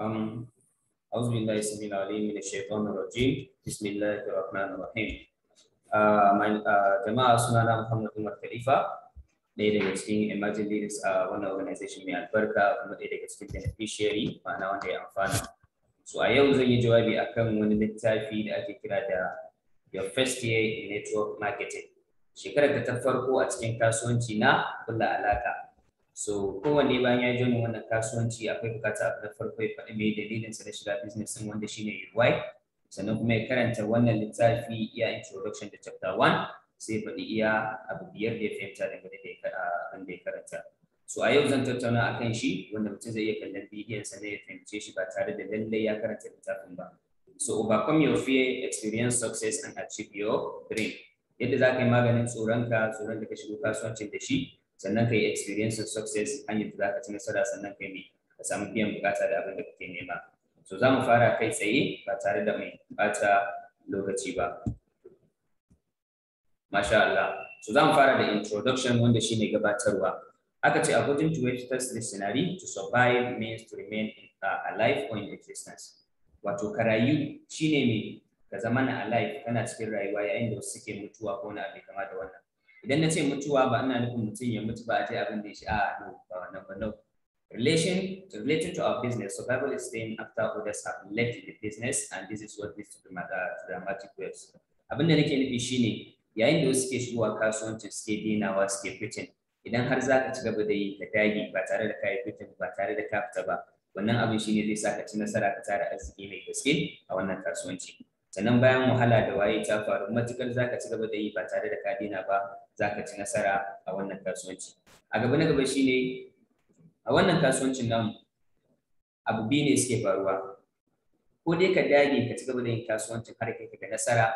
Um, أعوذ بالله السميع العليم من الشيطان الرجيم بسم الله الرحمن الرحيم jama'a suna na Muhammad Umar Khalifa ɗaya daga cikin emerging leaders a wannan organization mai albarka kuma ɗaya daga cikin beneficiary ma'ana wanda ya amfana so a yau zan yi jawabi akan wani littafi da ake kira da your first year in network marketing shekarar ta farko a cikin kasuwanci na kula alaka so kowanne bayan ya jona wannan kasuwanci akwai bukata a farko ya faɗi mai dalilin sa na shiga business din wanda shine why sannan kuma ya karanta wannan littafi iya introduction da chapter 1 sai faɗi iya abu biyar da ya fahimta daga da abin da ya karanta so a yau zan tattauna akan shi wanda mutum zai iya kallon bidiyon sa ne ya fahimce shi ba tare da lallai ya karanta littafin ba so overcome your fear experience success and achieve your dream yadda za ka yi maganin tsoronka tsoron da ka shigo kasuwancin da shi sannan ka yi experience of success hanyar da za ka ci nasara sannan ka yi ka samu biyan bukata da abin da kake nema so za mu fara kai tsaye ba tare da mai bata lokaci ba masha Allah so za mu fara da introduction wanda shine gabatarwa aka ce according to Webster's scenario to survive means to remain in, uh, alive or in existence wato ka rayu shine ne ka zama na alive kana cikin rayuwa yayin da wasu suke mutuwa ko na abin kama da wannan idan na ce mutuwa ba ina nufin mutum ya mutu ba a ce abin da ya shi a ah, no ba nan ba no relation related to our business survival is staying after others have left the business and this is what leads to the matter to the dramatic waves abin da nake nufi shine yayin da wasu ke shigowa kasuwanci suke dinawa suke fitin idan har za ka ci gaba da yi ka dage ba tare da kayi fitin ba tare da ka ba wannan abin shine zai sa ka ci nasara ka tara arziki mai gaske a wannan kasuwanci sannan bayan wahala da waye ta faru matukar za ka ci gaba da yi ba tare da ka dina ba za ka ci nasara a wannan kasuwanci a gaba na gaba shine a wannan kasuwancin nan abu biyu ne suke faruwa ko dai ka dage ka ci gaba da yin kasuwancin har kai ka nasara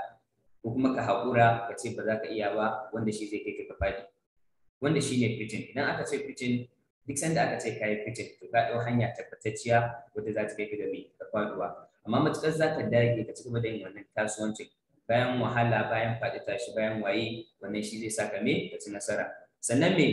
ko kuma ka haƙura ka ce ba za ka iya ba wanda shi zai kai ka faɗi wanda shi ne fitin idan aka ce fitin duk sanda aka ce ka yi fitin to ka ɗau hanya tabbatacciya wadda za ta kai ka ga mai ka faɗuwa amma matuƙar za ka dage ka ci gaba da yin wannan kasuwancin bayan wahala bayan faɗi tashi bayan waye wannan shi zai saka me ka ci nasara sannan me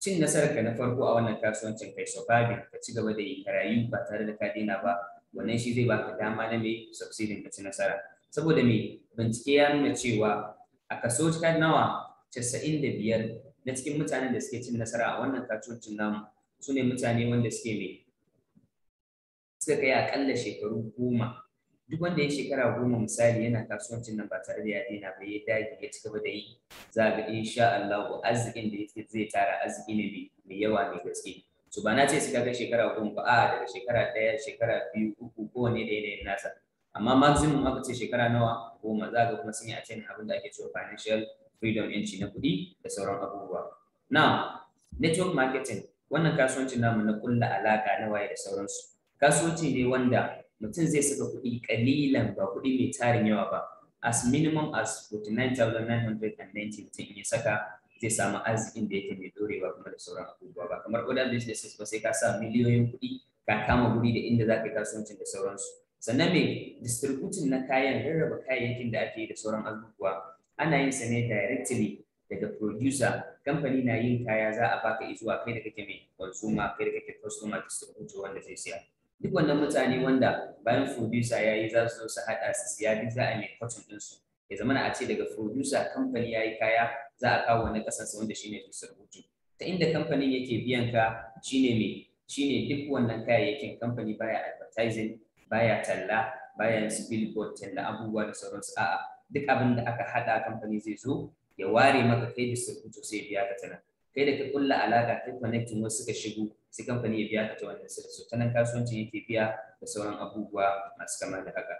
cin nasarar ka na farko a wannan kasuwancin kai surviving ka ci gaba da yi rayu ba tare da ka daina ba wannan shi zai baka dama na me succeed ka ci nasara saboda me bincike ya nuna cewa a kaso ta nawa casa'in da biyar na cikin mutanen da suke cin nasara a wannan kasuwancin namu su ne mutane wanda suke me suka kai akalla shekaru goma duk wanda ya shekara goma misali yana kasuwancin nan ba tare da ya daina ba ya dage ya ci gaba da yi za ga insha Allah arzikin da yake zai tara arziki ne mai yawa mai gaske so ba na ce sai ga shekara goma ba a daga shekara ɗaya shekara biyu uku ko wani da yanayin nasa amma maximum aka ce shekara nawa goma za ga kuma sun yi a cikin abin da ake cewa financial freedom yanci na kuɗi da sauran abubuwa Na network marketing wannan kasuwancin namu na kulla alaka na waye da sauransu kasuwanci ne wanda mutum zai saka kuɗi ƙalilan ba kuɗi mai tarin yawa ba as minimum as 49,990 mutum in ya saka zai samu arzikin da yake mai dorewa kuma da sauran abubuwa ba kamar other businesses ba sai ka sa miliyoyin kuɗi ka kama guri da inda za ka yi kasuwancin da sauransu sannan mai distributin na kayan rarraba kayayyakin da ake yi da sauran abubuwa ana yin sa ne directly daga producer kamfani na yin kaya za a baka izuwa kai da kake mai consumer kai da kake customer distributor wanda zai siya duk wannan mutane wanda bayan producer ya yi za su zo su haɗa su siya duk za a mai kwacin ɗinsu ya zama a ce daga producer kamfani ya yi kaya za a kawo wani sa wanda shine distributor ta inda kamfanin yake biyan ka shine shine duk wannan kayayyakin kamfani baya advertising baya talla baya su billboard talla abubuwa da sauransu a'a duk abin da aka haɗa kamfani zai zo ya ware maka kai distributor sai biya ka tana kai da ka kulla alaka kai connecting wasu suka shigo sai kamfani ya biya ka ta wannan sirri so ta nan yake biya da sauran abubuwa masu kama da haka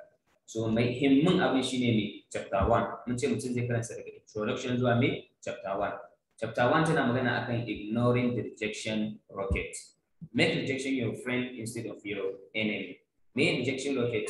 so mai himmin abin shine mai chapter 1 mun ce mutum zai karanta daga introduction zuwa me chapter 1 chapter 1 tana magana akan ignoring the rejection rocket make rejection your friend instead of your enemy me rejection rocket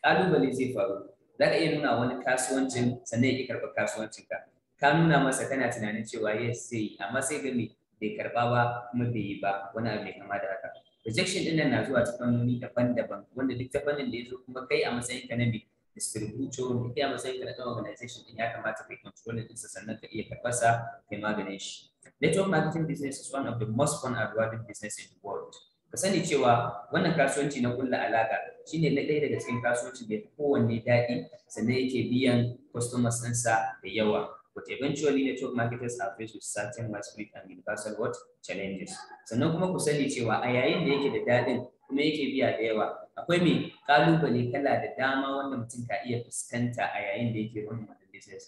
kalubale zai faru za ka iya nuna wani kasuwancin sannan ya ƙi karɓar kasuwancinka ka nuna masa kana tunanin cewa yes sai amma sai ga me bai karba ba kuma bai yi ba wani abu mai kama da haka rejection din nan na zuwa ta fannoni daban-daban wanda duk ta fannin da ya zo kuma kai a matsayin ka na bi distributor da kai a matsayin ka na organization din ya kamata kai control din sa sannan ka iya sa kai maganin shi network marketing business is one of the most fun and rewarding business in the world ka sani cewa wannan kasuwanci na kulla alaka shine na ɗaya daga cikin kasuwanci da kowanne daɗi sannan yake biyan customers ɗinsa da yawa But eventually network marketers are faced with certain widespread and universal what challenges. so Sannan kuma ku sani cewa a yayin da yake da daɗin kuma yake biya da yawa akwai mai kalubale kala da dama wanda mutum ka iya fuskanta a yayin da yake wannan wannan business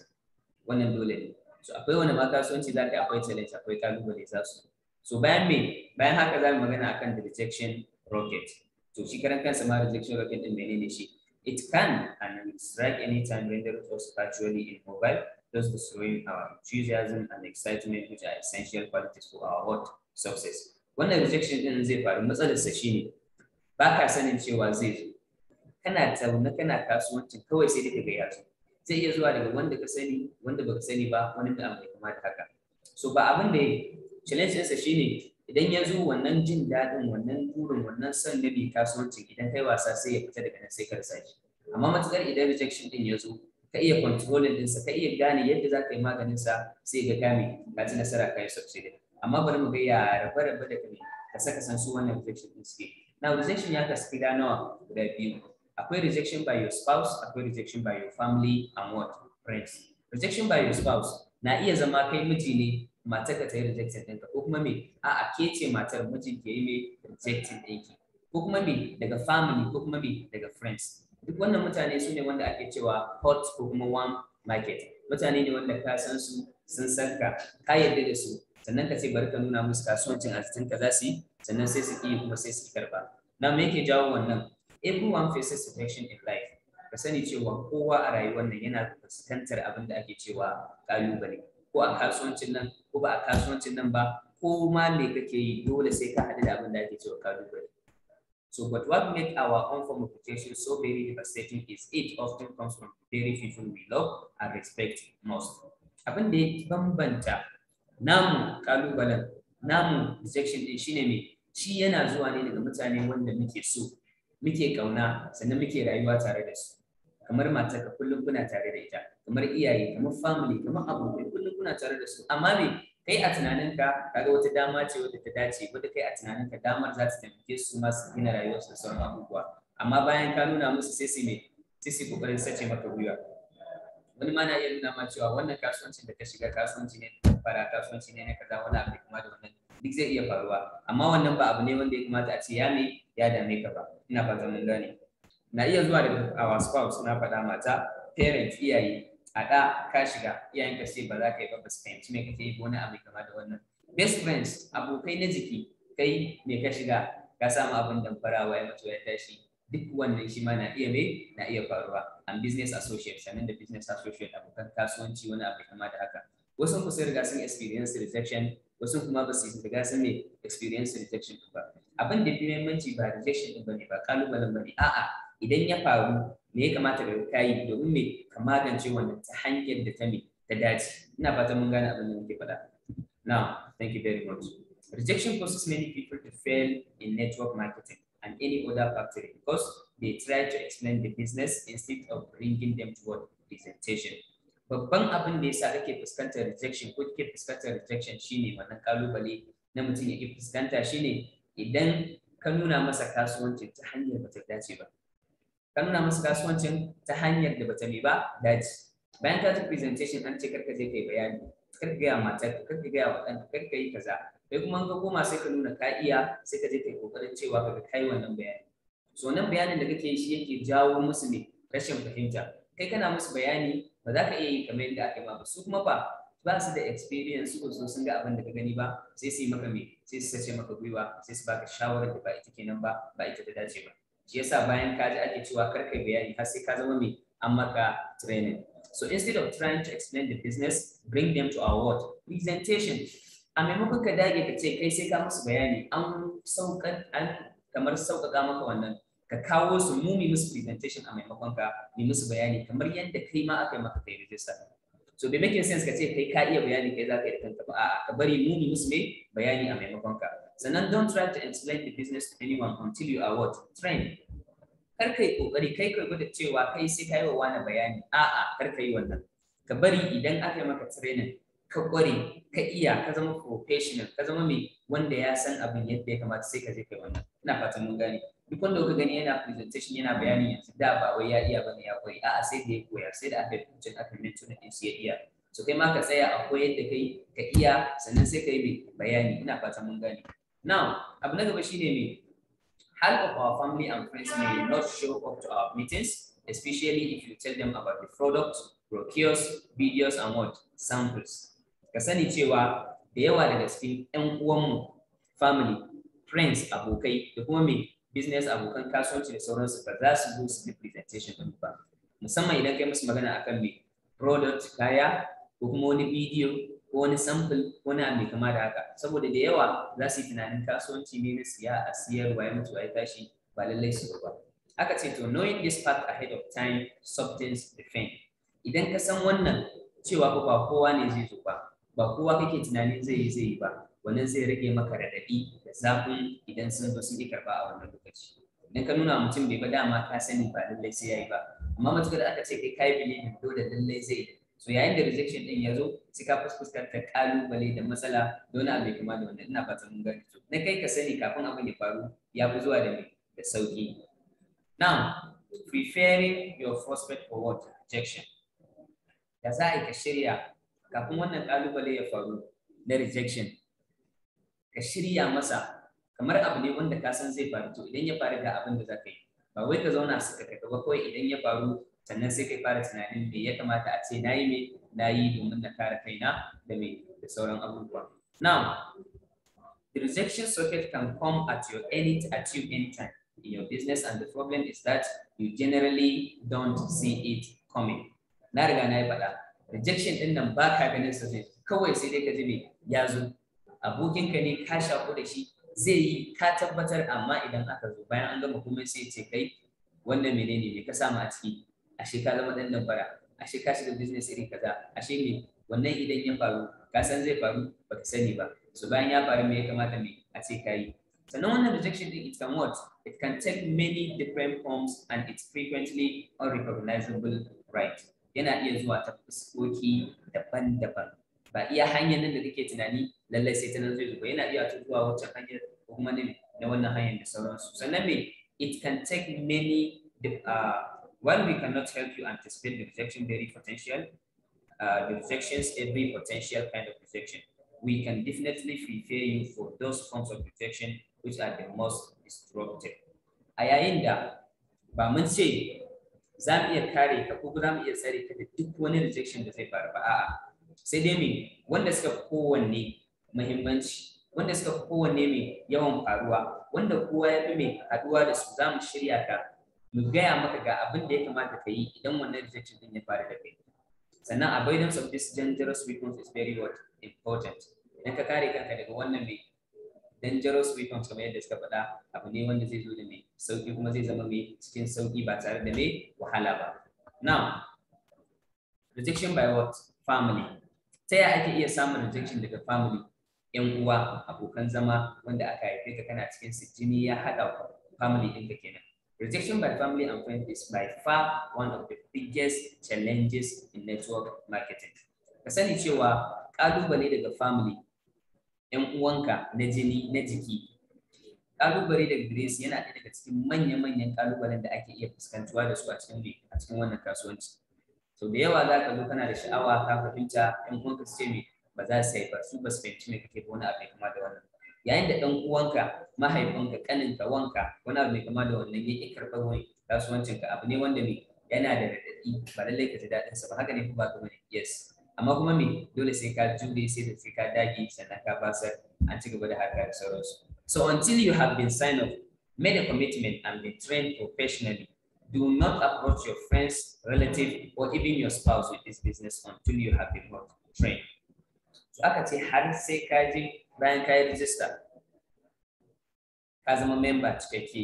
wannan dole ne so akwai wani ma kasuwanci za ka yi akwai challenge akwai kalubale za su so bayan me bayan haka za mu magana akan the rejection rocket to shi karan kansa ma rejection rocket din menene shi It can and will strike any time renders us virtually immobile, thus destroying our enthusiasm and excitement, which are essential qualities for our hot success. Wannan rejection din zai faru matsalarsa shine ba ka sanin cewa zai zo. Kana tauna kana kasuwancin kawai sai daga ya zo. Zai iya zuwa daga wanda ka sani, wanda baka sani ba, wani da abu kamar haka. So ba abin da challenge ɗinsa shine idan ya zo wannan jin daɗin wannan burin wannan son na bai kasuwancin idan kai wasa sai ya fita daga nan sai ka rasa shi amma matukar idan rejection din ya zo ka iya controlling dinsa ka iya gane yadda za ka yi maganin sa sai ga kame ka ji nasara ka yi succeed amma bari mu ga ya rabe rabe da kai ka saka san su wannan rejection din suke now rejection ya kasu gida nawa guda biyu akwai rejection by your spouse akwai rejection by your family and what friends rejection by your spouse na iya zama kai miji ne matar ka ta yi rejecting ɗinka ko kuma me a'a ke ce matar mijin ke yi me rejecting ɗinki ko kuma me daga family ko kuma me daga friends duk wannan mutane su ne wanda ake cewa hot ko kuma warm market mutane ne wanda ka san su sun san ka ka yarda da su sannan ka ce bari ka nuna musu kasuwancin cikin ka za su yi sannan sai su ki kuma sai su karba na me yake jawo wannan everyone faces rejection in life ka sani cewa kowa a rayuwar nan yana fuskantar abin da ake cewa kalubale ko a kasuwancin nan ko ba a kasuwancin nan ba ko ma me kake yi dole sai ka haɗu da abin da ake cewa kalubale So, but what make our own protection so very devastating is it often comes from very people we love and respect most. Abin da ya bambanta namu kalubalen, namu rejection din shine me shi yana zuwa ne daga mutane wanda muke so, muke kauna, sannan muke rayuwa tare da su. Kamar matar ka kullum kuna tare da ita, kamar iyaye, kamar family, kamar abokai kullum kuna tare da su. Amma me kai a tunaninka kaga wata dama ce wadda ta dace wadda kai a tunaninka damar za ta taimake su ma su gina rayuwarsu da sauran abubuwa amma bayan ka nuna musu sai su ne sai su kokarin sace maka gwiwa wani ma na iya nuna ma cewa wannan kasuwancin da ka shiga kasuwanci ne na fara kasuwanci ne na kaza wani abu kuma da wannan duk zai iya faruwa amma wannan ba abu ne wanda ya kamata a ce ya me ya dame ka ba ina fatan mun gane na iya zuwa da our spouse na faɗa mata parent iyaye a da ka shiga iyayenka sai ba za ka yi ba ba su fahimci me kake yi wani abu kama da wannan best friends abokai na jiki kai me ka shiga ka samu abin farawa ya mutu ya tashi duk wannan shi ma na iya me na iya faruwa and business associate sannan da business associate abokan kasuwanci wani abu kama da haka wasu kuma sai riga sun experience rejection wasu kuma ba su riga sun me experience rejection ba abin da fi muhimmanci ba rejection din bane ba kalubalen bane a'a idan ya faru me ya kamata ka yi domin me ka magance wannan ta hanyar da ta me ta dace ina fata mun gane abin da nake faɗa now thank you very much rejection causes many people to fail in network marketing and any other factory because they try to explain the business instead of bringing them toward presentation babban abin da yasa kake fuskantar rejection ko kake fuskantar rejection shine wannan kalubale na mutum ya ke fuskanta shine idan ka nuna masa kasuwanci ta hanyar ba ta dace ba ka nuna musu kasuwancin ta hanyar da bata mai ba dace bayan ka ji presentation an ce karka je kai bayani karka gaya matar karka gaya wa ɗanka karka yi kaza kai kuma ka koma sai ka nuna ka iya sai ka je kai kokarin cewa ka kai wannan bayani so nan bayanin da kake shi yake jawo musu ne rashin fahimta kai kana musu bayani ba za ka iya yi kamar yadda aka yi ba su kuma ba ba su da experience ko sun ga abin da ka gani ba sai su yi maka me sai su sace maka gwiwa sai su baka shawarar da ba ita kenan ba ba ita ta dace ba shi yasa bayan ka ji ake cewa kar kai bayani har sai ka zama mai an maka training so instead of trying to explain the business bring them to our what presentation a maimakon ka dage ka ce kai sai ka musu bayani an sauka an kamar sauƙaƙa maka wannan ka kawo su mu musu presentation a maimakon ka mu musu bayani kamar yadda kai ma aka yi maka kai register so bai make sense ka ce kai ka iya bayani kai zaka yi da a a'a ka bari mumi musulmi ne bayani a maimakon ka sannan don't try to explain the business to anyone until you are what trained kar kai kokari kai kai gwada cewa kai sai kai wa wani bayani a'a kar kai wannan ka bari idan aka yi maka training ka kware ka iya ka zama professional ka zama mai wanda ya san abin yadda ya kamata sai ka je kai wannan ina fatan mun gane duk wanda kuka gani yana presentation yana bayani yanzu da ba wai ya iya bane ya koyi a'a sai da ya koya sai da aka tuncin aka mintuna din sai ya iya so kai ma ka tsaya a koyar da kai ka iya sannan sai ka yi bayani ina fata mun gane now abu na gaba shine me half of our family and friends may not show up to our meetings especially if you tell them about the product brochures videos and what samples ka sani cewa da yawa daga cikin 'yan uwanmu family friends abokai da kuma me business abokan kasuwanci da sauransu ba za su zo su yi presentation din ba musamman idan kai musu magana akan me product kaya ko kuma wani bidiyo ko wani sample ko wani abu kama da haka saboda da yawa za su yi tunanin kasuwanci ne na siya a siyarwa ya mutu a yi tashi ba lallai su ba aka ce to knowing this part ahead of time substance defend idan ka san wannan cewa ba kowa ne zai zo ba kowa kake tunanin zai yi zai yi ba wannan zai rage maka raɗaɗi da safe idan sun zo sun yi karba a wannan lokaci idan ka nuna mutum bai ba dama ka sani ba lallai sai yayi ba amma da aka ce kai kai bilibin dole lallai zai so yayin da rejection din ya zo sai ka fuskantar kalubale da matsala dole abin kuma da wannan ina fatan mun gani to na kai ka sani kafin abin ya faru ya fi zuwa da da sauki now preparing your prospect for what rejection da za a yi ka shirya kafin wannan kalubale ya faru na rejection ka shirya masa kamar abu ne wanda ka san zai faru to idan ya faru ga abin da za ka yi ba wai ka zauna suka ka ba kawai idan ya faru sannan sai kai fara tunanin me ya kamata a ce na yi me na yi domin na kare kaina da me da sauran abubuwa now the rejection socket can come at your any at you any time in your business and the problem is that you generally don't see it coming na riga na yi faɗa rejection din nan ba ka ganin sa kawai sai dai ka ji me ya zo abokinka ne ka shaku da shi zai yi ka tabbatar amma idan aka zo bayan an gama komai sai ce kai wannan menene ne ka samu a ciki ashe ka zama dan damfara ashe ka shiga business irin kaza ashe me wannan idan ya faru ka san zai faru baka sani ba so bayan ya faru me ya kamata me a ce kai sannan wannan rejection din it can what it can take many different forms and it's frequently unrecognizable right yana iya zuwa ta fuskoki daban-daban ba iya hanyar nan da kake tunani lallai sai ta nan zai yana iya zuwa waccan hanyar ko kuma na wannan hanyar da sauransu sannan me it can take many uh, while we cannot help you anticipate the rejection very potential uh, the rejections every potential kind of rejection we can definitely prepare you for those forms of rejection which are the most disruptive. a yayin da ba mun ce za mu iya kare ka ko za mu iya tsare ka da duk wani rejection da zai faru ba a'a sai dai me wanda suka kowanne muhimmanci wanda suka fi kowanne mai yawan faruwa wanda kowa ya fi mai haɗuwa da su za mu shirya ka mu gaya maka ga abin da ya kamata ka yi idan wannan rejection din ya faru da kai sannan avoidance of this dangerous weapons is very important idan ka kare kanka daga wannan mai dangerous weapons kamar yadda suka faɗa abu ne wanda zai zo da mai sauki kuma zai zama mai cikin sauki ba tare da mai wahala ba now rejection by what family ta yaya ake iya samun rejection daga family yan uwa abokan zama wanda aka haife ka kana cikin su jini ya haɗa family ɗinka kenan rejection by family and friends is by far one of the biggest challenges in network marketing ka sani cewa ƙalubale daga family yan uwanka na jini na jiki kalubale da grace yana ɗaya daga cikin manya-manyan kalubalen da ake iya fuskantuwa da su a cikin a cikin wannan kasuwanci so da yawa za ka zo kana da sha'awa ka fahimta yan uwanka su ce me ba za su yi ba su ba su fahimci me kake wani abu kama da wannan yayin da ɗan uwanka mahaifinka ƙaninka wanka wani abu mai kama da wannan yake karɓar wani kasuwancinka abu ne wanda mai yana da raɗaɗi ba lallai ka ji daɗinsa ba haka ne ba ka wani yes amma kuma me dole sai ka jure sai da sai ka dage sannan ka basar an ci gaba da haka da sauransu so until you have been signed up made a commitment and been trained professionally do not approach your friends relatives, or even your spouse with this business until you have been trained to aka ce har sai ka je bayan ka yi rijista ka zama memba cikakke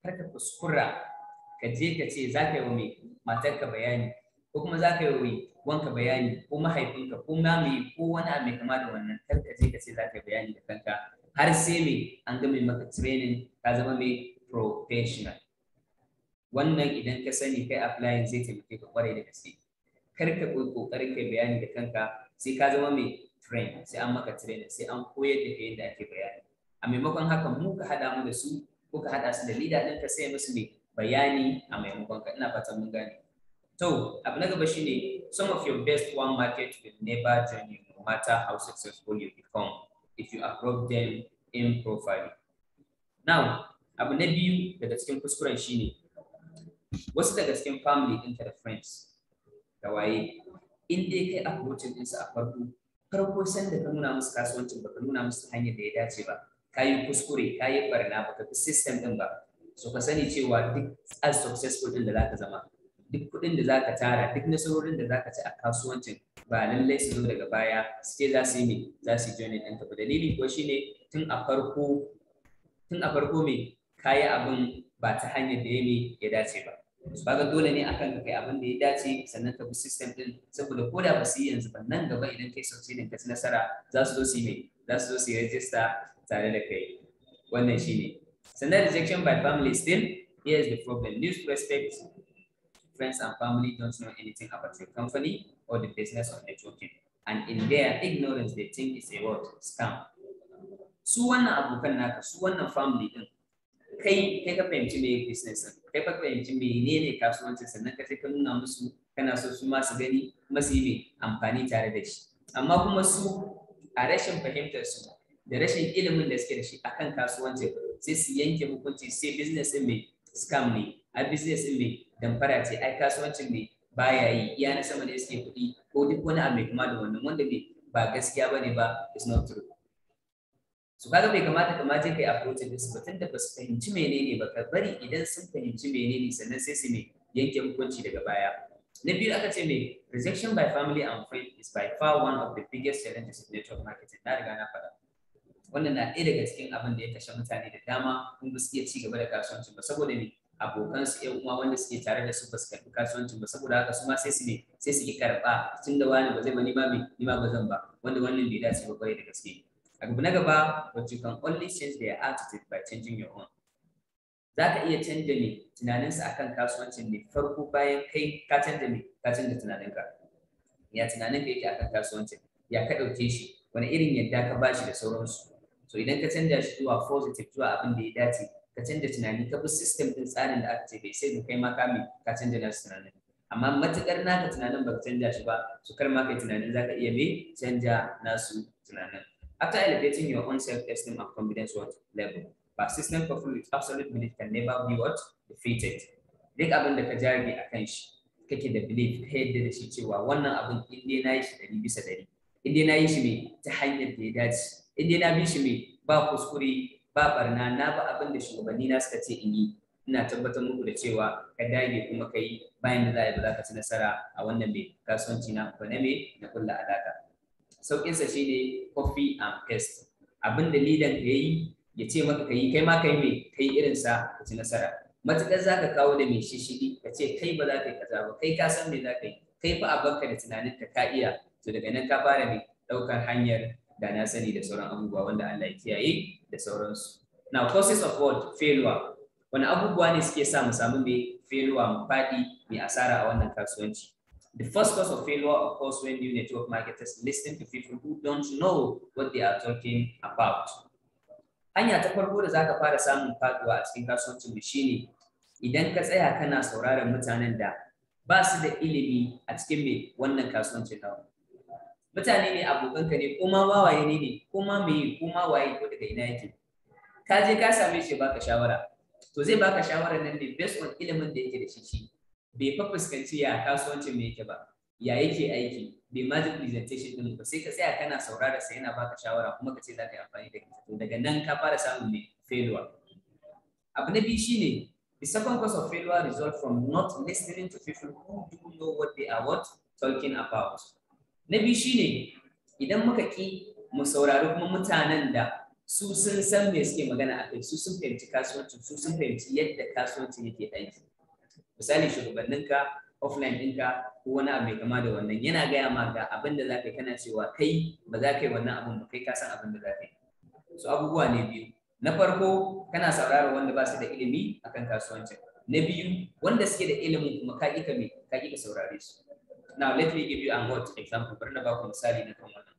kar ka kuskura ka je ka ce za ka yi wa mai matarka bayani ko kuma za ka yi wa wanka bayani ko mahaifinka ko mamaye ko wani abu mai kama da wannan kar ka je ka ce za ka bayani da kanka har sai mai an gama maka training ka zama mai professional wannan idan ka sani kai applying zai taimake ka kwarai da gaske kar ka koyi kokarin kai bayani da kanka sai ka zama mai train sai an maka training sai an koyar da kai yadda ake bayani a maimakon haka mu ka haɗa mu da su ko ka haɗa su da leader ka sai musu mai bayani a maimakon ka ina fatan mun gane to abu na gaba shine some of your best one market will never join you no matter how successful you become if you approach them in profile now abu na biyu daga cikin kuskuren shine wasu daga cikin family ɗinka da friends da waye in dai kai approaching ɗinsu a farko farko san da ka nuna musu kasuwancin ba ka nuna musu hanyar da ya dace ba ka yi kuskure ka yi barna ba ka fi system ɗin ba so ka sani cewa duk as successful ɗin da za ka zama duk kuɗin da za ka tara duk nasarorin da za ka ci a kasuwancin ba lallai su zo daga baya su ce za su yi za su yi joinin ɗinka ba dalili ko shine tun a farko tun a farko me ka yi abin ba ta hanyar da ya ya dace ba kaga dole ne akan kai abin da ya dace sannan ka bi system din saboda ko da ba su yi yanzu ba nan gaba idan kai ne ka ci nasara za su zo su yi mai za su zo su yi register tare da kai wannan shine sannan rejection by family still here is the problem news respect friends and family don't know anything about your company or the business of networking and in their ignorance they think it's a what scam su wannan abokan naka su wannan family din kai kai ka fahimci me business din kai ka fahimci menene kasuwancin sannan ka sai ka nuna musu kana so su ma su gani masu yi mai amfani tare da shi amma kuma su a rashin fahimtar su da rashin ilimin da suke da shi akan kasuwanci sai su yanke hukunci sai business din mai scam ne a business din mai damfara ce ai kasuwanci mai baya yi iya na sama da suke kuɗi ko duk wani abu mai kuma da wannan wanda ne ba gaskiya bane ba is not true su kaga bai kamata kama je kai approach din su batun da ba su fahimci menene ba ka bari idan sun fahimci menene sannan sai su ne yanke hukunci daga baya na biyu aka ce me rejection by family and friends is by far one of the biggest challenges in network marketing na riga na faɗa wannan na ɗaya daga cikin abin da ya kashe mutane da dama kun ba su iya ci gaba da kasuwancin ba saboda me abokan su ƴan uwa wanda suke tare da su ba su karɓi kasuwancin ba saboda haka su ma sai su ne sai su ki karɓa tunda wani ba zai ba ni ma ni ma ba zan ba wanda wannan bai dace ba kwarai da gaske abu na gaba but you can only change their attitude by changing your own za ka iya canja ne tunaninsa akan kasuwancin ne farko bayan kai ka canja ne ka canja tunaninka ya tunanin ka yake akan kasuwancin ya ka ɗauke shi wani irin yadda ka bashi da sauransu so idan ka canja shi zuwa positive zuwa abin da ya dace ka canja tunani ka bi system din tsarin da aka ce bai sai kai ma kame ka canja nasu tunanin amma matukar naka tunanin ba ka canja shi ba su kar ma kai tunanin za ka iya me canja nasu tunanin After elevating your own self-esteem and confidence what level, persistent performance with absolute belief can never be what defeated. Duk abin da ka jari a kan shi, kake da belief, ka yadda da shi cewa wannan abin in dai na yi shi ɗari bisa ɗari, in dai na yi shi ne ta hanyar da ya dace, in na bi shi ne ba kuskure, ba barna, na ba abin da shugabanni na suka ce in yi, ina tabbatar muku da cewa ka dage kuma ka yi bayan da za a yi ba za ka ci nasara a wannan mai kasuwanci na ba na me na kulla alaka. saukinsa shi ne kofi and paste abin da lidan ka yi ya ce maka ka yi kai ma kai yi mai ka yi irinsa ka ci nasara matuƙar za ka kawo da mai shishidi ka ce kai ba za ka yi kaza ba kai ka san me za ka yi kai fa a da tunanin ka ka iya to daga nan ka fara mai ɗaukar hanyar da na sani da sauran abubuwa wanda Allah ya kiyaye da sauransu now causes of what failure wani abubuwa ne suke sa mu samu mai failure mu faɗi mai asara a wannan kasuwanci The first cause of failure, of course, when new network marketers listen to people who don't know what they are talking about. Hanya ta farko da zaka fara samun faduwa a cikin kasuwancin mu shine idan ka tsaya kana sauraron mutanen da ba su da ilimi a cikin mai wannan kasuwancin ta. Mutane ne abokanka ne kuma wawaye ne ne kuma me kuma waye ko daga ina yake. Ka je ka same shi baka shawara. To zai baka shawara nan ne based on ilimin da yake da shi shi. bai fa fuskanci ya kasuwancin me yake ba ya yake aiki bai ma ji presentation din ba sai ka tsaya kana saurara sai yana baka shawara kuma ka ce za ka yi amfani da ita daga nan ka fara samun ne failure abu na biyu shine the second cause of failure result from not listening to people who do know what they are what talking about na biyu shine idan muka ki mu saurari kuma mutanen da su sun san me suke magana a kai su sun fahimci kasuwancin su sun fahimci yadda kasuwancin yake aiki misali shugabanninka offline ɗinka ko wani abu mai kama da wannan yana gaya ma ga abin da zaka yi kana cewa kai ba za ka yi wannan abin ba kai ka san abin da za ka yi so abubuwa ne biyu na farko kana sauraron wanda ba su da ilimi akan kasuwanci. na biyu wanda suke da ilimin kuma ka ƙi ka me ka ƙi ka saurare su now let me give you an what example bari na baku misali na kan wannan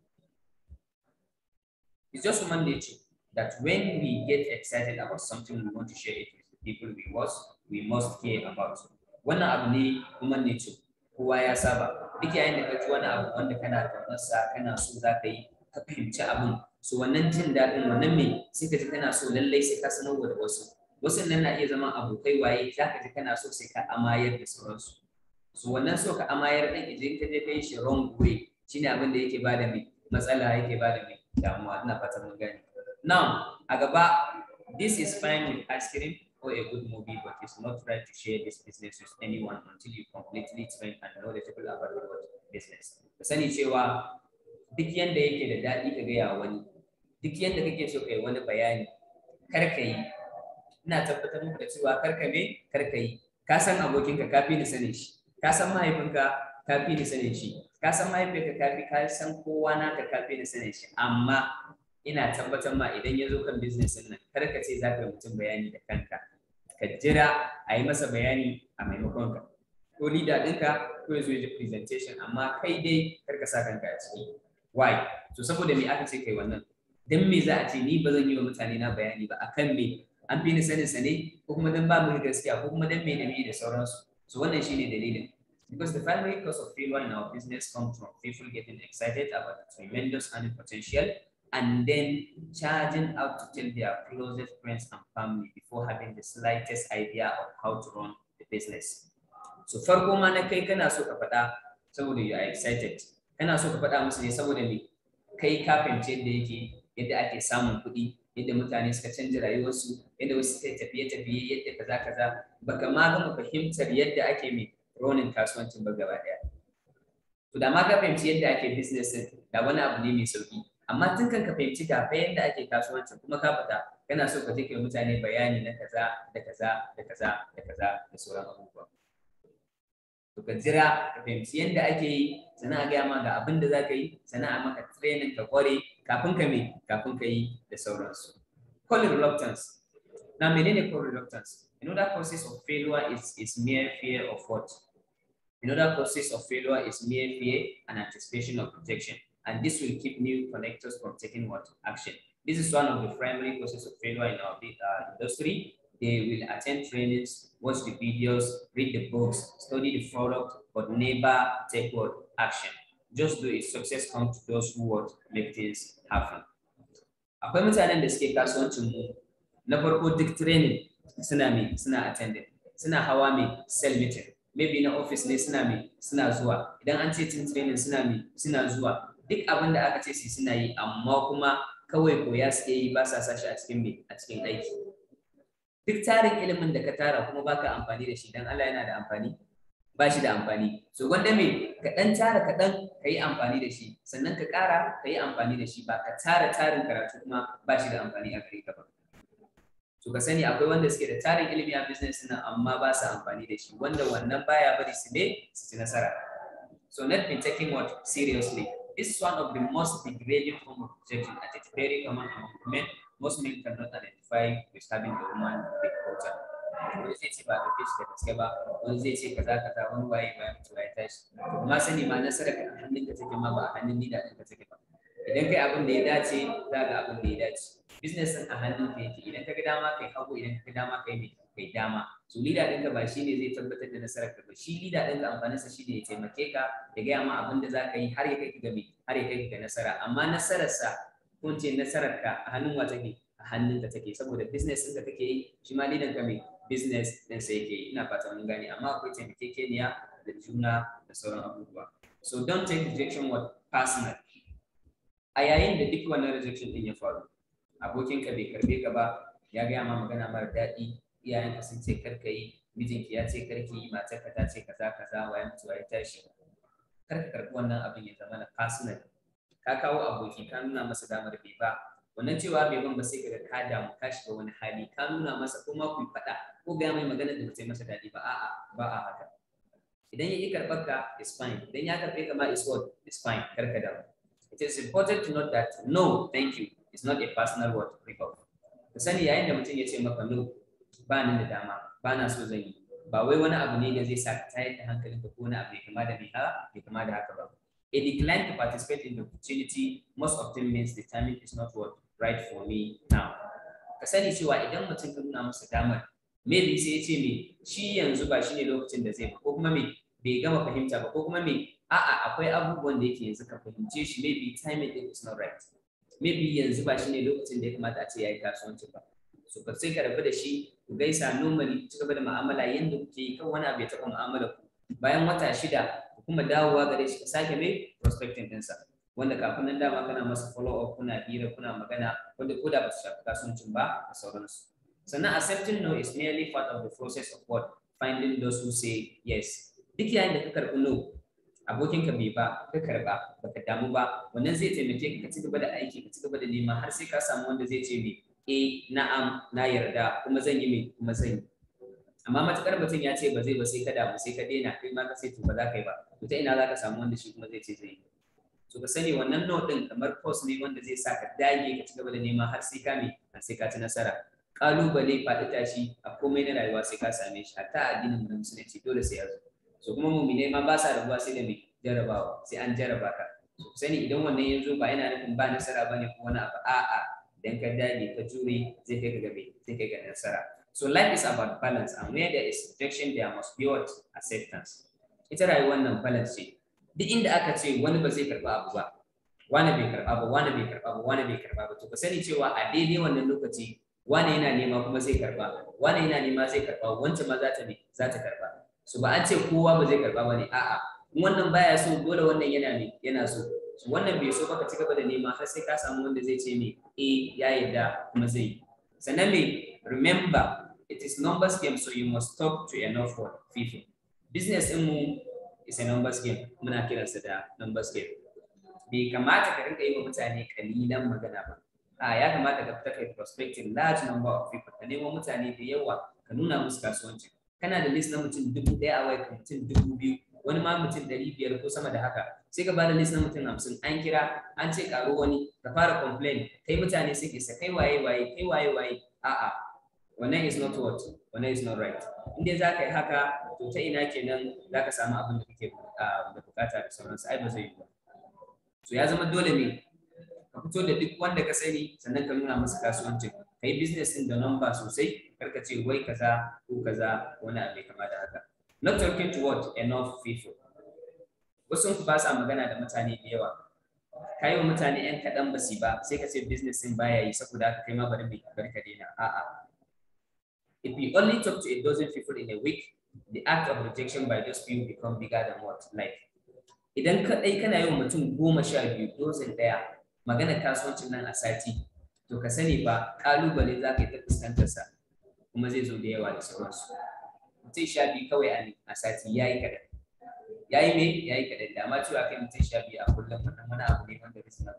it's just one nature that when we get excited about something we want to share it with the people we was we must care about wannan abu ne ne nature kowa ya saba duk yayin da ka ji wani abu wanda kana taunarsa kana so za ka yi ka fahimci abin so wannan jin daɗin wannan mai sai ka ji kana so lallai sai ka sanarwa da wasu wasu nan na iya zama abokai waye za ka ji kana so sai ka amayar da sauransu so wannan so ka amayar ɗin idan ka je ka yi shi wrong way shine abin da yake ba da matsala yake ba da mai damuwa ina fatan mun gane now a gaba this is fine with ice cream or a good movie, but it's not right to share this business with anyone until you completely train and knowledgeable about what business. Ka sani cewa duk yanda yake da daɗi ka gaya wani, duk yanda kake so kai wani bayani, kar ka yi. Ina tabbatar muku da cewa kar ka me, kar ka yi. Ka san abokinka ka fi ni sanin shi, ka san mahaifinka ka fi ni sanin shi, ka san mahaifinka ka fi ka san kowa ka fi shi, amma ina tabbatar ma idan ya zo kan business din nan kar ka ce za ka mutum bayani da kanka ka jira a yi masa bayani a maimakon ka ko leader ɗinka ko ya zo ya ji presentation amma kai dai kar ka sa kanka a ciki why to saboda me aka ce kai wannan dan me za a ce ni ba zan yi wa mutane na bayani ba akan me an fi ni sanin sa ne ko kuma dan ba mu gaskiya ko kuma dan me da sauran da sauransu so wannan shine dalilin because the primary cause of failure in our business comes from people getting excited about the tremendous earning potential and then charging out to tell their closest friends and family before having the slightest idea of how to run the business. So farko ma na kai kana so ka faɗa saboda you are excited. Kana so ka faɗa musu ne saboda me kai kafince da yake yadda ake samun kuɗi, yadda mutane suka canja rayuwarsu, yadda wasu suka tafiye-tafiye, yadda kaza kaza. Baka ma gama fahimtar yadda ake mai ronin kasuwancin ba gaba ɗaya. To da ma ka fahimci yadda ake business da wani abu ne mai sauki. amma tun kan ka fahimci ka fa da ake kasuwanci kuma ka fita kana so ka take mutane bayani na kaza da kaza da kaza da kaza da sauran abubuwa to ka jira ka fahimci yadda ake yi sana'a gaya ma ga abin da za ka yi sana'a maka training ka kware kafin ka mai kafin ka yi da sauransu call reluctance na menene call reluctance another process of failure is is mere fear of what another process of failure is mere fear and anticipation of rejection and this will keep new connectors from taking what action. This is one of the primary causes of failure in our uh, industry. They will attend trainings, watch the videos, read the books, study the product, but never take what action. Just do it. Success comes to those who would make things happen. and mutanen the suke kasuwancin mu na farko duk training tsunami. me attended. attending suna hawa me cell meeting maybe the office ne tsunami me suna zuwa idan training tsunami me suna duk abin da aka ce su suna yi amma kuma kawai koya suke yi ba sa sashi a cikin a cikin aiki duk tarin ilimin da ka tara kuma baka amfani da shi dan Allah yana da amfani ba shi da amfani so wanda me ka dan tara ka dan ka amfani da shi sannan ka kara kayi amfani da shi ba ka tara tarin karatu kuma ba shi da amfani a gare ba to ka sani akwai wanda suke da tarin ilimi a business nan amma ba su amfani da shi wanda wannan baya bari su ne su ci nasara so not been taking what seriously is one of the most degrading form of rejection and it's very common among men. Most men cannot identify with having a woman big culture. zai ce ba a da gaske ba, wani zai ce kaza kaza wani waye ba ya mutu ya tashi. sani ma nasarar ka hannun ka take ma ba hannun ni da ka ba. Idan kai abin da ya dace, za ga abin da ya dace. Business ɗin a hannun ka yake, idan ka ga dama kai hagu, idan ka ga dama kai mai kai dama su lida ɗinka ba shine zai tabbatar da nasarar ka ba shi lida ɗinka amfaninsa shine ya taimake ka ya gaya ma abin da za ka yi har ya kai ga har ya kai ga nasara amma nasararsa ko ce nasarar ka a hannun wa take a ka take saboda business ɗinka take yi shi ma lidan ka mai business ɗin sai yake ina fata mun gane amma akwai taimakekeniya da juna da sauran abubuwa so don't take rejection what personal a yayin da duk wannan rejection ɗin ya faru abokinka bai karbe ka ba ya gaya ma magana mara daɗi ka sun ce kar ka yi mijinki ya ce kar ki yi ka ta ce kaza kaza ya mutu ya tashi kar ka karɓi wannan abin ya zama na personal ka kawo aboki ka nuna masa damar bai ba wannan cewa bai ban ba sai kaga ka damu ka shiga wani hali ka nuna masa ko ma ku faɗa ko ga mai magana da mutai masa daɗi ba a'a ba a haka idan ya yi karɓar ka is fine idan ya karɓe ka ma is what is fine kar ka damu it is important to note that no thank you is not a personal word recall ka sani yayin da mutum ya ce maka no ba ni da dama ba na so zan yi ba wai wani abu ne da zai sa ka tayar da hankalinka ko wani abu ne kama da mai ha bai kama da haka ba a decline to participate in the opportunity most often means the timing is not what right for me now ka sani cewa idan mutum ka nuna masa damar maybe sai ya ce me shi yanzu ba shine lokacin da zai ba ko kuma me bai gama fahimta ba ko kuma me a'a akwai abubuwan da yake yanzu ka fahimce shi maybe timing din is not right maybe yanzu ba shine lokacin da ya kamata a ce yayi kasuwanci ba so ka sai ka rabu da shi ku gaisa normally ku cigaba da mu'amala yadda kuke yi kan wani abu ya taɓa mu'amala ku bayan wata shida ku kuma dawowa gare shi ka sake mai prospecting ɗinsa wanda kafin nan dama kana masa follow up kuna hira kuna magana wanda ko da ba su shafi kasuwancin ba da sauransu sannan accepting no is merely part of the process of what finding those who say yes duk yayin da ka karɓi no abokinka bai ba ka karba baka damu ba wannan zai taimake ka ci gaba da aiki ka ci gaba da nema har sai ka samu wanda zai ce mai eh na'am na yarda kuma zan yi me kuma zan yi amma matukar mutum ya ce ba zai ba sai ka damu sai ka daina kai ma ka sai to ba za ka yi ba to ta ina za ka samu wanda shi kuma zai ce zai yi to ka sani wannan no din kamar course ne wanda zai sa ka dage ka ci gaba da nema har sai ka me har sai ka ci nasara kalubale faɗi tashi a komai na rayuwa sai ka same shi hatta addinin mu musulunci dole sai ya zo so kuma ne ma ba sa rabuwa sai da me jarabawa sai an jaraba ka so sani idan wannan yanzu ba yana nufin ba nasara bane ko wani abu a'a then ka dage ka jure zai kai ga gabe zai kai ga nasara so life is about balance and where there is rejection there must be what acceptance ita rayuwar nan balance ce duk inda aka ce wani ba zai karba abu ba wani bai karba ba wani bai karba ba wani bai karba ba to ka sani cewa a daidai wannan lokaci wani yana nema kuma zai karba wani yana nema zai karba wancan ma za ta ne za ta karba so ba an ce kowa ba zai karba ba ne a'a wannan baya so dole wannan yana ne yana so wannan bai so baka ci gaba da nema har sai ka samu wanda zai ce me eh, a ya yarda kuma zai yi sannan me remember it is numbers game so you must talk to enough for people business din mu is a numbers game muna kiransa da numbers game bai kamata ka rinka yi wa mutane kalilan magana ba a ya kamata ka fita kai prospecting large number of people ka nemo mutane da yawa ka nuna musu kasuwanci kana da list na mutum dubu ɗaya a wai mutum dubu biyu wani ma mutum ɗari biyar ko sama da haka sai ka bada list mutum hamsin an kira an ce karo wani ka fara complain kai mutane suke sa kai waye waye kai waye waye a'a wannan is not what wannan is not right inda za ka yi haka to ta ina kenan za ka samu abin da kake ah, da bukata da sauransu ai ba zai yi ba so ya zama dole ne ka fito da duk wanda ka sani sannan ka nuna masa kasuwanci ka yi business din da number sosai karka ce wai kaza ko kaza wani abu kama da haka not talking to what enough people wasu ku ba sa magana da mutane da yawa kai wa mutane yan kaɗan ba su ba sai ka ce business din baya yi saboda haka kai ma bari mai bari ka daina a'a if you only talk to a dozen people in a week the act of rejection by those few become bigger than what like idan kaɗai kana yi wa mutum goma sha biyu dozin ɗaya magana kasuwancin nan a sati to ka sani ba kalubale za ka yi ta sa kuma zai zo da yawa da sauransu mutum sha biyu kawai a sati ya yi kaɗan yayi me yayi kaɗan da amma cewa kai mutum sha biyu a kullum wannan wani abu ne wanda bai sanar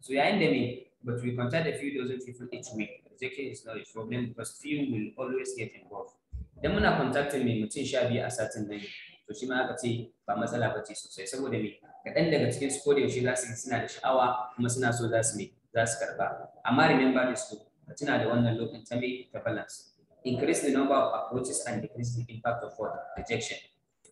so yayin da me but we contact a few dozen people each week rejection is not a problem because few will always get involved idan muna contacting mai mutum sha biyu a satin nan to shi ma aka ce ba matsala ba ce sosai saboda me kaɗan daga cikin su koda yaushe za su suna da sha'awa kuma suna so za su me za su karɓa amma remember this too ka tuna da wannan lokacin ta me ta balance increase the number of approaches and decrease the impact of what rejection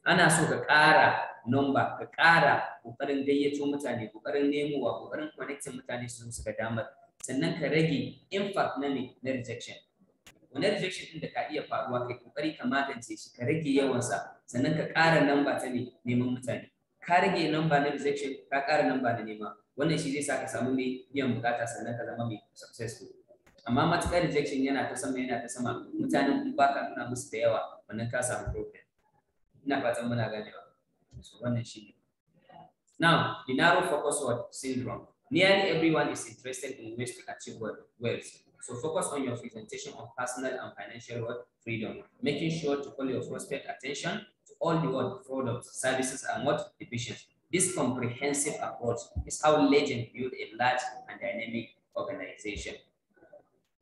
ana so ka ƙara nomba, ka ƙara ƙoƙarin gayyato mutane ƙoƙarin nemowa ƙoƙarin connecting mutane su suka damar sannan ka rage impact na ne na rejection wani rejection ɗin da ka iya faruwa kai ƙoƙari ka magance shi ka rage yawansa sannan ka ƙara number ta ne neman mutane ka rage number na rejection ka ƙara number na nema wannan shi zai sa ka samu mai biyan bukata sannan ka zama mai successful amma matuƙar rejection yana ta sama yana ta sama mutanen ba ka nuna musu da yawa wannan ka samu problem ina fatan muna ganewa so wannan now the narrow focus word syndrome nearly everyone is interested in ways to achieve wealth so focus on your presentation of personal and financial wealth freedom making sure to call your prospect attention to all the world products services and what divisions this comprehensive approach is how legend build a large and dynamic organization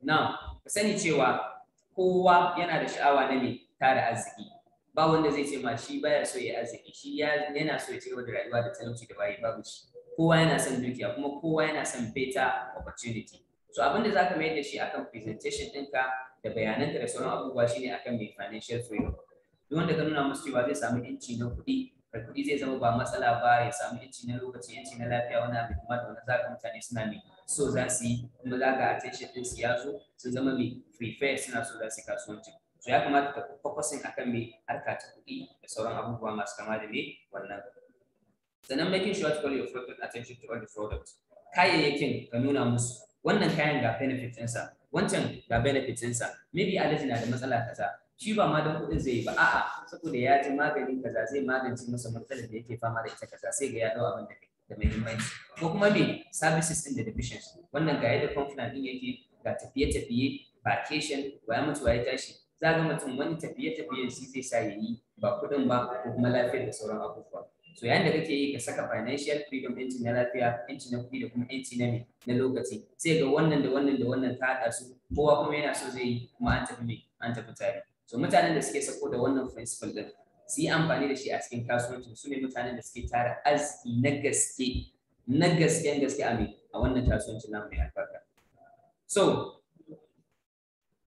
now sani cewa kowa yana da sha'awa na ne tara arziki ba wanda zai ce ma shi baya so ya arziki shi yana so ya ci gaba da rayuwa da talauci da bayi babu shi kowa yana son dukiya kuma kowa yana son beta opportunity so abin da zaka mai da shi akan presentation ɗinka da bayanan da sauran abubuwa shine akan mai financial freedom duk wanda ka nuna musu cewa zai samu inci na kuɗi kuɗi zai zama ba matsala ba ya samu yanci na lokaci yanci na lafiya wani abu kuma da wani zaka mutane suna mai so za su yi kuma za ka attention ɗin su ya zo sun zama mai prefer suna so za su yi kasuwanci so ya kamata ka focusing akan me harka ta kuɗi da sauran abubuwa masu kama da me wannan sannan making sure to call your product attention to all the products kayayyakin ka nuna musu wannan kayan ga benefits ɗinsa wancan ga benefit ɗinsa maybe alaji na da matsala kaza shi ba ma don kuɗin zai yi ba a'a saboda ya ji maganin kaza zai magance masa matsalar da yake fama da ita kaza sai ga ya ɗau abin da da muhimmanci ko kuma me services ɗin da deficiency wannan ga yadda confident ɗin yake ga tafiye-tafiye vacation waya mutu ya tashi za ga mutum wani tafiye-tafiyen shi zai sa ya yi ba kuɗin ba ko kuma lafiyar da sauran abubuwa so yayin da kake yi ka saka financial freedom ɗinci na lafiya ɗinci na kuɗi da kuma ɗinci na me na lokaci sai ga wannan da wannan da wannan ta haɗa su kowa kuma yana so zai yi kuma an tafi me an tafi tare so mutanen da suke sako da wannan principle din su yi amfani da shi a cikin kasuwanci su ne mutanen da suke tara arziki na gaske na gaske gaske a me a wannan kasuwanci na mai albarka so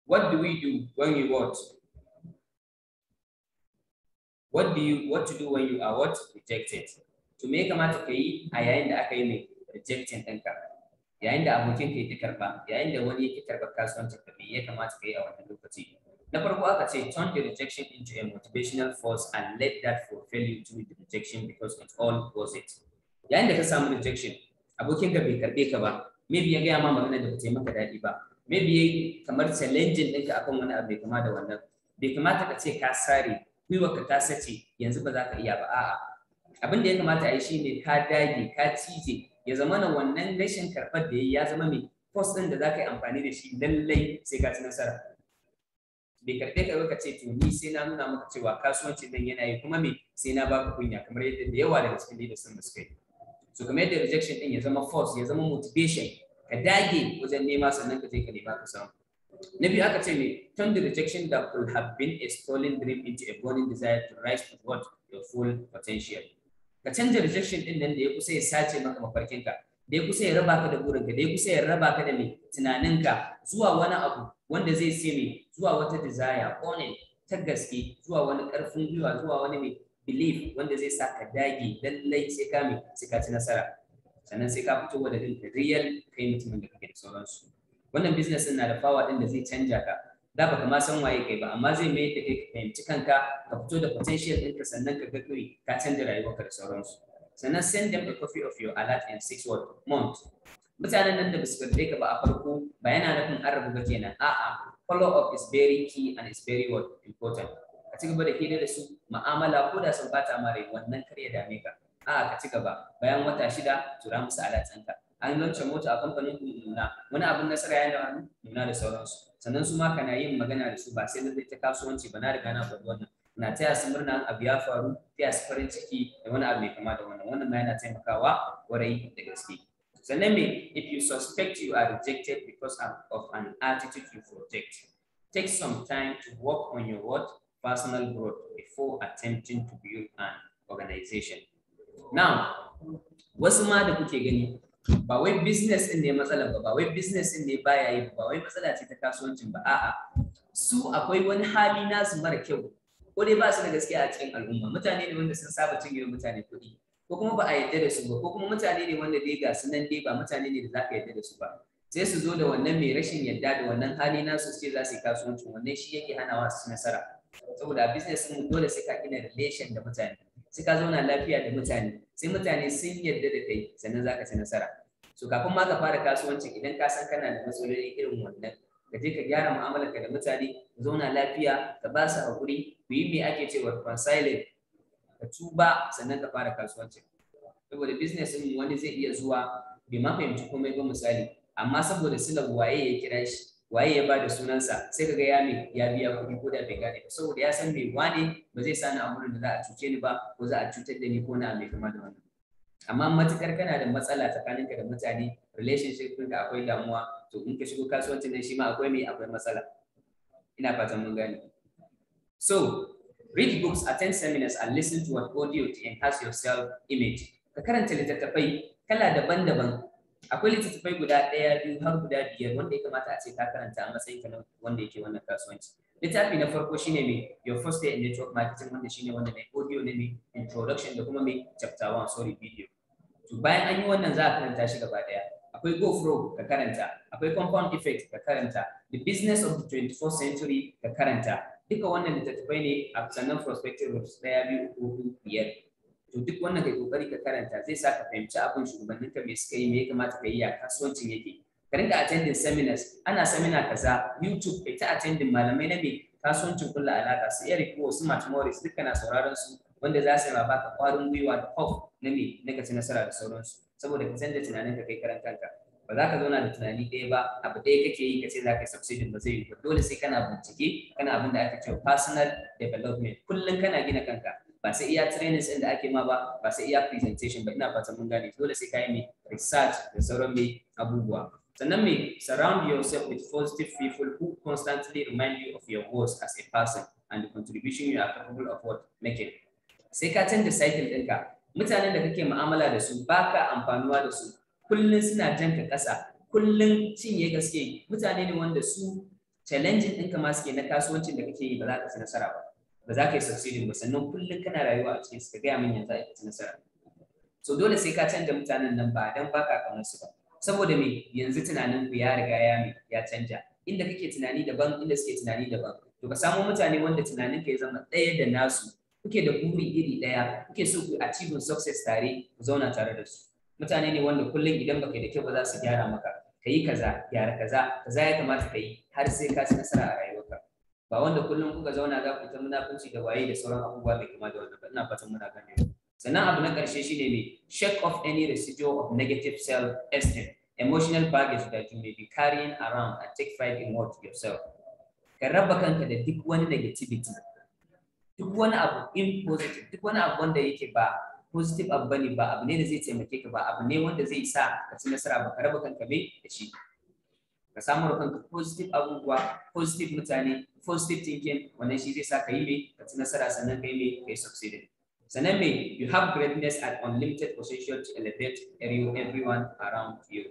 What do we do when we what? What do you what to do when you are what rejected? To me kamata ka a yayin da aka yi mai rejecting ɗinka, yayin da abokin ka ya karɓa, yayin da wani yake karba kasuwancin ka ya kamata ka a wannan lokaci. Na farko aka ce turn the rejection into a motivational force and let that fulfill you to the rejection because it all was it. Yayin da ka samu rejection, abokin ka bai karɓe ka ba, maybe ya gaya ma magana da ba ta maka daɗi ba, maybe kamar challenging ɗinka akan wani abu bai kama da wannan bai kamata ka ce ka sare ka ta sace yanzu ba za ka iya ba a'a abin da ya kamata a yi shi ne ka dage ka cije ya zama na wannan rashin karɓar da ya yi ya zama mai post ɗin da za ka yi amfani da shi lallai sai ka ci nasara bai karɓe ka ka ce to ni sai na nuna maka cewa kasuwanci nan yana yi kuma me sai na baka kunya kamar yadda da yawa daga cikin leaders sun suka yi so kamar yadda rejection ɗin ya zama force ya zama motivation ka dage wajen nema sannan ka je ka nema ka samu na biyu aka ce ne turn the rejection that could have been a stolen dream into a burning desire to rise to what your full potential ka canza rejection din nan da ya kusa ya sace maka mafarkin ka. da ya kusa ya raba ka da burinka da ya kusa ya raba ka da mai tunaninka zuwa wani abu wanda zai sai mai zuwa wata desire burning ta gaske zuwa wani karfin gwiwa zuwa wani mai belief wanda zai sa ka dage lallai sai ka mai sai ka ci nasara sannan sai ka fito da real kai mutumin da kake da sauransu wannan business na da fawa din da zai canja ka da baka ma san waye kai ba amma zai mai da kai fahimci kanka ka fito da potential ɗinka sannan ka ga kai ka canza rayuwarka da sauransu sannan send them a copy of your alert in six word month mutanen nan da basu ka ba a farko ba yana nufin an rabu ba kenan a'a follow up is very key and is very important a ci gaba da hira da su ma'amala ko da sun bata ma wannan kar ya dame ka a ka ci gaba bayan wata shida tura musu alatsanka an lance mota a kamfanin nuna wani abin nasara yana hannu nuna da sauransu sannan su ma kana yin magana da su ba sai zai ta kasuwanci ba na riga na faɗi wannan na taya su murna abu ya faru taya su farin ciki da wani abu mai kama da wannan wannan ma yana taimakawa kwarai da gaske sannan me if you suspect you are rejected because of an attitude you project take some time to work on your what personal growth before attempting to build an organization now wasu ma da kuke gani ba wai business ɗin ne matsalar ba ba wai business ɗin ne baya yi ba wai matsala ce ta kasuwancin ba a'a su akwai wani hali nasu mara kyau ko dai ba su da gaskiya a cikin al'umma mutane ne wanda sun saba cinye mutane kuɗi ko kuma ba a yarda da su ba ko kuma mutane ne wanda dai ga nan dai ba mutane ne da za ka yarda da su ba sai su zo da wannan mai rashin yarda da wannan hali nasu ce za su yi kasuwancin wannan shi yake hanawa su nasara saboda business mu dole sai ka gina relation da mutane sai ka zauna lafiya da mutane sai mutane sun yarda da kai sannan za ci nasara so kafin ma ka fara kasuwanci idan ka san kana da matsaloli irin wannan ka je ka gyara mu'amalar ka da mutane ka zauna lafiya ka ba su hakuri ku yi me ake cewa reconciling ka tuba sannan ka fara kasuwanci. saboda business din wani zai iya zuwa bai ma fahimci komai ba misali amma saboda silar waye ya kira shi waye ya bada sunansa sai kaga ya me ya biya kuɗi ko da bai gane ba saboda ya san me wane ba zai sani a wurin da za a cuce ni ba ko za a cutar da ni ko na mai kama da wannan amma matukar kana da matsala tsakaninka da mutane relationship ka akwai damuwa to in ka shigo kasuwancin nan shi ma akwai mai akwai matsala ina fatan mun gane so read books attend seminars and listen to an audio to enhance your self image ka karanta littattafai kala daban-daban akwai littattafai guda ɗaya biyu har guda biyar wanda ya kamata a ce ka karanta a matsayin ka wanda yake wannan kasuwanci littafi na farko shine mai your first day in network marketing wanda shine wanda mai audio ne mai introduction da kuma mai chapter one sorry video to bayan an yi wannan za a karanta shi gaba ɗaya akwai go flow ka karanta akwai compound effect ka karanta the business of the 24th century ka karanta duka wannan littattafai ne a sannan prospective ɗaya biyu uku biyar to duk wannan kai kokari ka karanta zai sa ka fahimci abin shugabannin ka me suka yi me ya kamata ka yi ya kasuwancin yake ka rinka attending seminars ana seminar kaza youtube kai ta malamai na me kasuwancin kulla alaka su eric wo su matt morris duka na sauraron su wanda za su yi ma baka kwarin gwiwa da hope na me na ka ci nasara da sauransu saboda ka canza tunanin ka kai karan ka, ba za ka zauna da tunani ɗaya ba abu ɗaya kake yi ka ce za ka yi subsidin ba zai yi ba dole sai kana bincike kana abin da aka ce personal development kullum kana gina kanka ba sai iya trainings din da ake ma ba ba sai iya presentation ba ina fata mun gane dole sai kai mai research da sauran mai abubuwa sannan me surround yourself with positive people who constantly remind you of your worth as a person and the contribution you are capable of what making sai ka canza cycle ɗinka mutanen da kake mu'amala da su baka amfanuwa da su kullun suna jan ka ƙasa kullun cinye gaske mutane ne wanda su challenging ɗinka ma suke na kasuwancin da kake yi ba za ka ci nasara ba ba za ka yi subsidy ba sannan kullum kana rayuwa a cikin ka gaya min yanzu a nasara so dole sai ka canja mutanen nan ba dan baka kamar su ba saboda me yanzu tunanin ku ya riga ya me ya canja inda kake tunani daban inda suke tunani daban to ka samu mutane wanda tunanin ka ya zama ɗaya da nasu kuke da buri iri ɗaya kuke so ku achieve success tare ku zauna tare da su mutane ne wanda kullum idan baka da kyau ba za su gyara maka ka yi kaza gyara kaza kaza ya kamata ka yi har sai ka ci nasara a rayuwa ba wanda kullum kuka zauna za ku ta munafunci da waye da sauran abubuwa mai kama da wannan ba ina fatan muna gane sannan abu na karshe shine me shake off any residual of negative self esteem emotional baggage that you may be carrying around and take pride in what yourself ka raba kanka da duk wani negativity duk wani abu in positive duk wani abu wanda yake ba positive abu bane ba abu ne da zai taimake ka ba abu ne wanda zai sa ka ci nasara ba ka raba kanka me da shi ka samu da kanka positive abubuwa positive mutane positive thinking wannan shi zai sa ka yi mai ka ci nasara sannan ka yi mai ka yi succeeding sannan mai you have greatness at unlimited potential to elevate everyone around you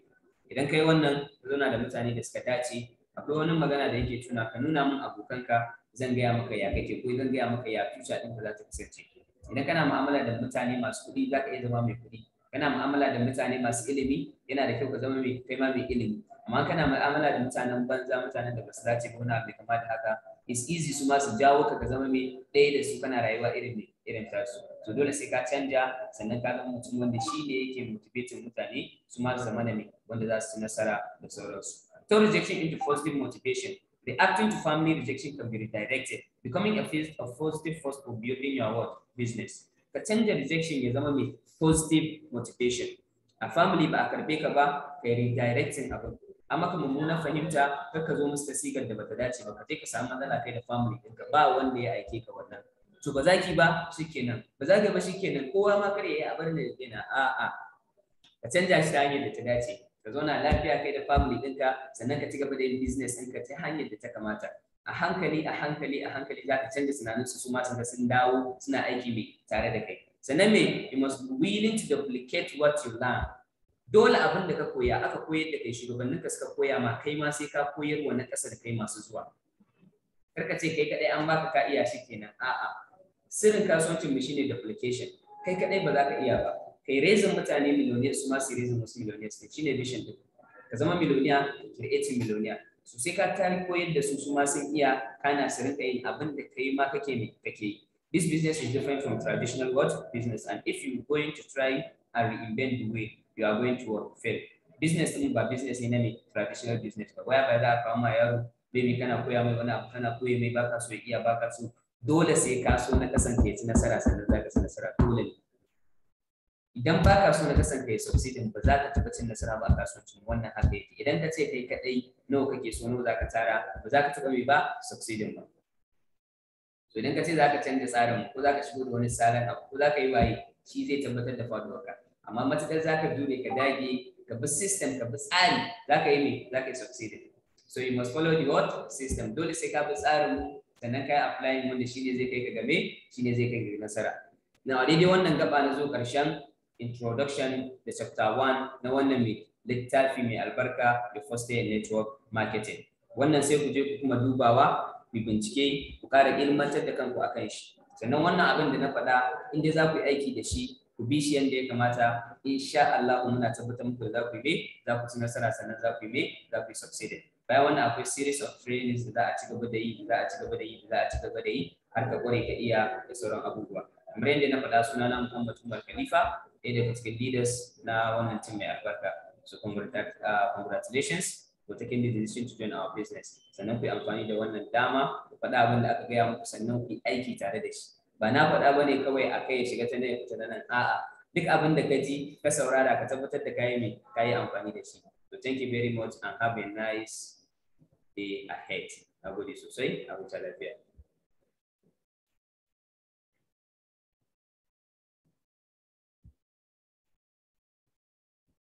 idan kai wannan na da mutane da suka dace akwai wani magana da yake tuna ka nuna min abokanka zan gaya maka ya kake ko zan gaya maka ya din ka za ta kasance idan kana mu'amala da mutane masu kuɗi za ka iya zama mai kuɗi kana mu'amala da mutane masu ilimi yana da kyau ka zama mai kai ma mai ilimi amma kana mu'amala da mutanen banza mutanen da basu dace ba wani abu kama da haka is easy su ma su jawo ka ka zama mai ɗaya da su kana rayuwa irin ne irin tasu to dole sai ka canja sannan ka zama mutum wanda shi ne yake motivating mutane su ma zama na wanda za su ci nasara da sauransu to rejection into positive motivation Reacting to family rejection can be redirected, becoming a, a positive force for building your work, business. Ka canja rejection ya zama mai positive motivation. A family ba a karbe ka ba, ka redirecting abin. amma maka mummunan fahimta kar ka zo musu sigar da bata dace ba ka je ka samu matsala kai da family ɗinka ba wanda ya aike ka wannan to ba za ki ba shikenan ba za ka ba shikenan kowa ma kar ya yi a bar da yana a a ka canja shi ta hanyar da ta dace ka zauna lafiya kai da family ɗinka sannan ka ci gaba da yin business ɗinka ta hanyar da ta kamata a hankali a hankali a hankali za ka canza tunaninsu su ma sun dawo suna aiki mai tare da kai sannan me you must be willing to duplicate what you learn dole abin da ka koya aka koyar da kai shugabannin ka suka koya ma kai ma sai ka koyar wa na ƙasa kai masu zuwa karka ce kai kadai an baka ka iya shi kenan a'a sirrin kasuwancin mu shine duplication kai kadai ba za ka iya ba kai raising mutane miliyoniya su ma su raising wasu miliyoniya su shine vision din ka zama miliyoniya creating miliyoniya. Su sai ka tari koyar da su su ma sun iya kana su rinka abin da kai ma kake ne kake yi this business is different from traditional what business and if you going to try and reinvent the way you are going to fail business din ba business ne mai traditional business ba waya bai za a kawo ma yaro maybe kana koya mai wani abu kana koya mai baka so iya baka so dole sai ka so na kasance ci nasara sannan za ka ci nasara dole ne idan baka so na kasance ya subsidin ba za ka taɓa nasara ba a kasuwancin wannan haka yake idan ka ce kai kadai nawa kake so nawa za ka tara ba za ka taɓa mai ba subsidin ba to idan ka ce za ka canza tsarin ko za ka shigo da wani tsarin abu ko za ka yi waye shi zai tabbatar da ka. amma matuƙar za ka dure ka dage ka bi system ka bi tsari za ka yi ne za ka yi so you must follow the what system dole sai ka bi tsarin sannan ka yi applying wanda shine zai kai ka game shine zai kai ka nasara Na a daidai wannan gaba na zo karshen introduction da chapter 1 na wannan mai littafi mai albarka the first day network marketing wannan sai ku je ku kuma dubawa ku bincike ku ƙara ilmantar da kanku akan shi sannan wannan abin da na faɗa inda za ku yi aiki da shi ku bi shi yadda ya kamata insha Allah muna tabbatar muku da za ku yi za ku ci nasara sannan za ku yi me za ku yi bayan wannan akwai series of trainings da za a ci gaba da yi da za a ci gaba da yi da za a ci gaba da yi har ka kware ka iya da sauran abubuwa kamar yadda na faɗa suna na Muhammad Umar Khalifa ɗaya daga cikin leaders na wannan team mai albarka so congratulations for taking the decision to join our business sannan ku amfani da wannan dama ku faɗa abin da aka gaya muku sannan ku aiki tare da shi ba na faɗa ne kawai a kai ya shiga ta ne ta nan a'a duk abin da ka ji ka saurara ka tabbatar da kayi mai kayi amfani da shi So, thank you very much and have a nice day ahead nagode sosai a lafiya